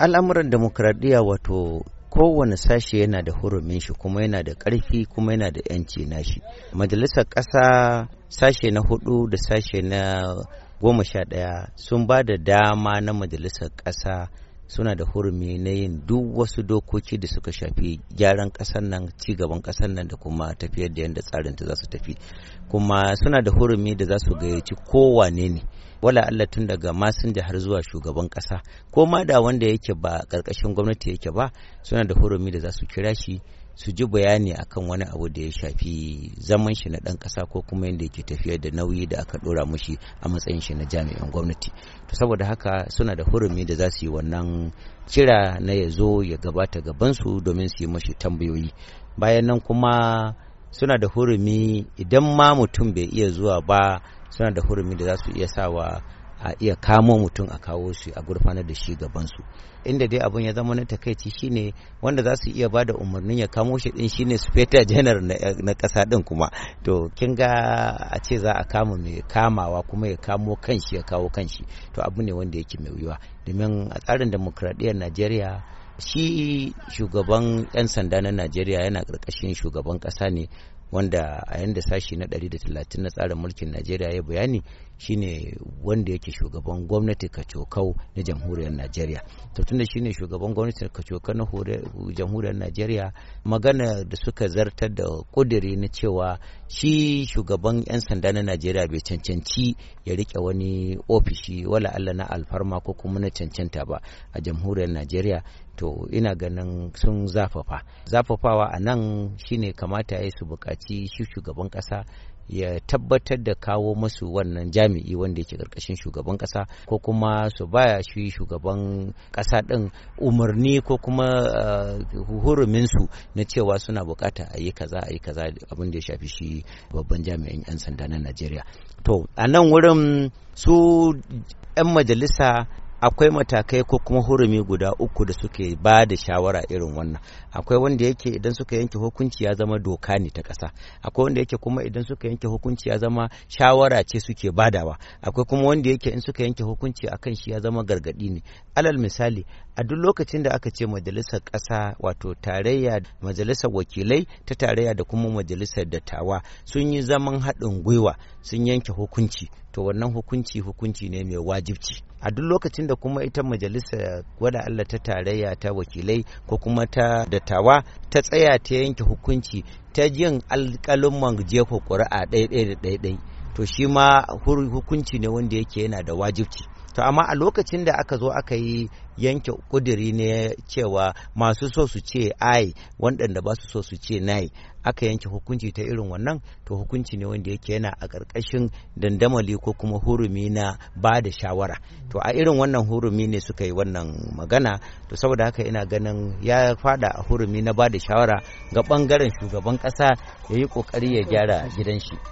al'amuran demokradiyya wato kowane sashe yana da hurumin shi kuma yana da ƙarfi kuma yana da 'yanci nashi majalisar ƙasa sashe na hudu da sashe na goma sha ɗaya sun ba da dama na majalisar ƙasa suna da hurumi na yin duk wasu dokoki da suka shafi gyaran ƙasar nan ci gaban ƙasar nan da kuma tafiyar da yadda tsarin ta za su tafi kuma suna da hurumi da za su gayyaci kowane ne wala Allah tun daga masinja har zuwa shugaban ƙasa ko ma da wanda yake ba ƙarƙashin gwamnati yake ba suna da hurumi da za su kira shi su ji bayani akan wani abu da ya shafi zaman shi na ɗan ƙasa ko kuma yadda yake tafiya da nauyi da aka ɗora mushi a matsayin shi na jami'an gwamnati to saboda haka suna da hurumi da za su yi wannan kira na ya zo ya gabata gaban su domin su yi mashi tambayoyi bayan nan kuma suna da hurumi idan ma mutum bai iya zuwa ba suna da hurumi da za su iya sawa a iya kamo mutum a kawo shi a gurfanar da shi gabansu inda dai abun ya zama na takaici shine wanda za su iya ba da umarnin ya kamo shi din shine speta janar na kasa din kuma to kin ga a ce za a kama mai kamawa kuma ya kamo kanshi ya kawo kanshi to abu ne wanda yake mai wuyuwa domin a tsarin demokradiyyar najeriya shi shugaban 'yan sanda na najeriya yana ƙarƙashin shugaban ƙasa ne wanda a yanda sashi na 130 na tsarin mulkin najeriya ya bayani shine wanda yake shugaban gwamnati kacokau na jamhuriyar najeriya to tunda shine shugaban gwamnati kacokau na jamhuriyar najeriya magana da suka zartar da kudiri na cewa shi shugaban 'yan sanda na najeriya bai cancanci ya rike wani ofishi wala allah na alfarma ko kuma na cancanta ba a jamhuriyar najeriya to ina ganin sun zafafa zafafawa a nan shine kamata ya su bukaci shi shugaban kasa ya tabbatar da kawo masu wannan jami'i wanda yake karkashin shugaban kasa ko kuma su baya shi shugaban kasa ɗin umarni ko kuma eh, huruminsu na cewa suna bukata a yi kaza a yi kaza abin da ya shafi shi babban jami'in 'yan sanda na najeriya to a nan wurin su 'yan majalisa akwai matakai ko kuma hurumi guda uku da suke ba da shawara irin wannan akwai wanda yake idan suka yanke hukunci ya zama doka ne ta ƙasa akwai wanda yake kuma idan suka yanke hukunci ya zama shawara ce suke badawa akwai kuma wanda yake in suka yanke hukunci a kan shi ya zama gargadi ne alal misali a duk lokacin da aka ce majalisar ƙasa wato tarayya majalisar wakilai ta tarayya da kuma majalisar dattawa sun yi zaman haɗin gwiwa sun yanke hukunci to wannan hukunci hukunci ne mai wajibci a duk lokacin da kuma ita majalisa gwada Allah ta tarayya ta wakilai ko kuma ta dattawa ta tsaya ta yanke hukunci ta jin alƙalin jefo ƙuri'a ɗaiɗai da ɗaiɗai to shi ma hukunci ne wanda yake yana da wajibci to amma a lokacin da aka zo aka yi yanke kuduri ne cewa masu so su ce ai waɗanda ba su so su ce nai aka yanke hukunci ta irin wannan to hukunci ne wanda yake yana a ƙarƙashin dandamali ko kuma hurumi na ba da shawara to a irin wannan hurumi ne suka yi wannan magana to saboda haka ina ganin ya fada a hurumi na ba da shawara ga ɓangaren shugaban ƙasa ya yi ƙoƙari ya gyara gidan shi.